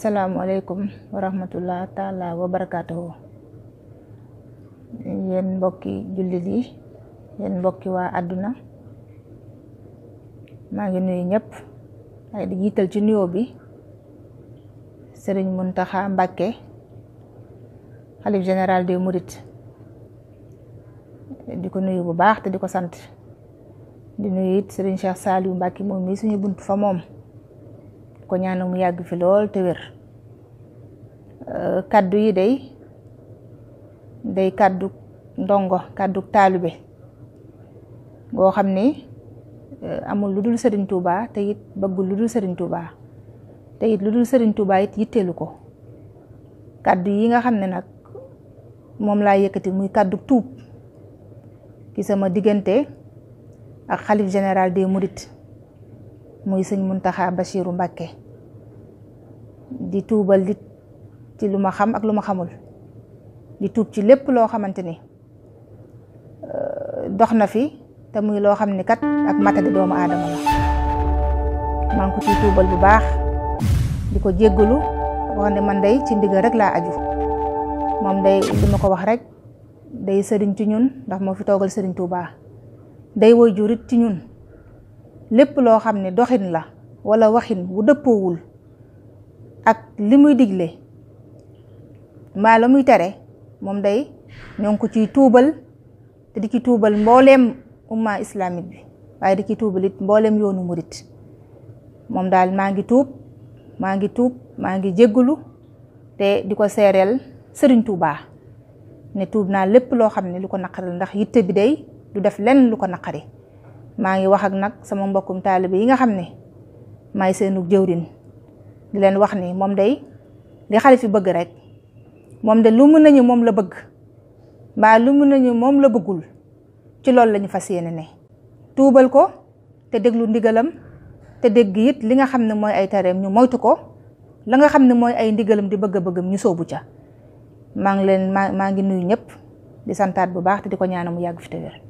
asalaamualeykum wa rahmatullah taala wa barakaatuhu yéen mbokki jullit yi yéen mbokki waa àdduna maa ngi nuyu ñëpp ay di jiital ci nuyoo bi sëriñ Muntaxa Mbàkke xalif général des Mourides di ko nuyu bu baax te di ko sant di nuyu it sëriñ Cheikh Saliou Mbàkke moom mii suñu bunt fa moom ko ñaanal mu yàgg fi lool te wér euh, kaddu yi day day kaddu ndongo kaddu taalibe goo xam ne euh, amul lu dul Serigne Touba te it bëggul lu dul Serigne Touba te lu dul Serigne Touba it yitteelu ko kaddu yi nga xam ne nag moom laa yëkkati muy kaddu tuub ki sama diggante ak xalif général des Mourides. muy sëñ Muntaxa Bachiru Mbàkke di tuubal di ci lu ma xam ak lu ma xamul di tuub ci lépp loo xamante ni euh, dox na fi te muy loo xam ni kat ak matadi doomu aadama la maa ngi tuubal bu baax di ko jéggalu wax ne man day ci ndigal rek laa aju moom day li ma ko wax rek day sëriñ ci ñun ndax moo fi toogal sëriñ Tuubaa day woy jurit ci ñun lépp loo xam ne doxin la wala waxin wu dëppoowul ak li muy digle maa la muy tere moom day ñoo ngi ciy tuubal te di ci tuubal mbooleem umma islamique bi waaye di ci tuubal mbooleem yoonu murit moom daal maa ngi tuub maa ngi tuub maa ngi jéggulu te di ko seereel sëriñ Tuubaa ne tuub naa lépp loo xam ne lu ko naqari la ndax yitte bi day du def lenn lu ko naqari maa ngi wax ak nag sama mbokkum taalibe yi nga xam ne maay seenu jëwrin di leen wax ni moom day li xalifi bëgg rek moom de lu mun nañu moom la bëgg mbaa lu mun nañu moom la bëggul ci loolu lañu fas yéene ne tuubal ko te déglu ndigalam te dégg it li nga xam ne mooy ay tareem ñu moytu ko la nga xam ne mooy ay ndigalam di bëgg a bëggam ñu soobu ca maa ngi leen maa maa ngi nuyu ñëpp di santaat bu baax te di ko ñaanal mu yàgg fi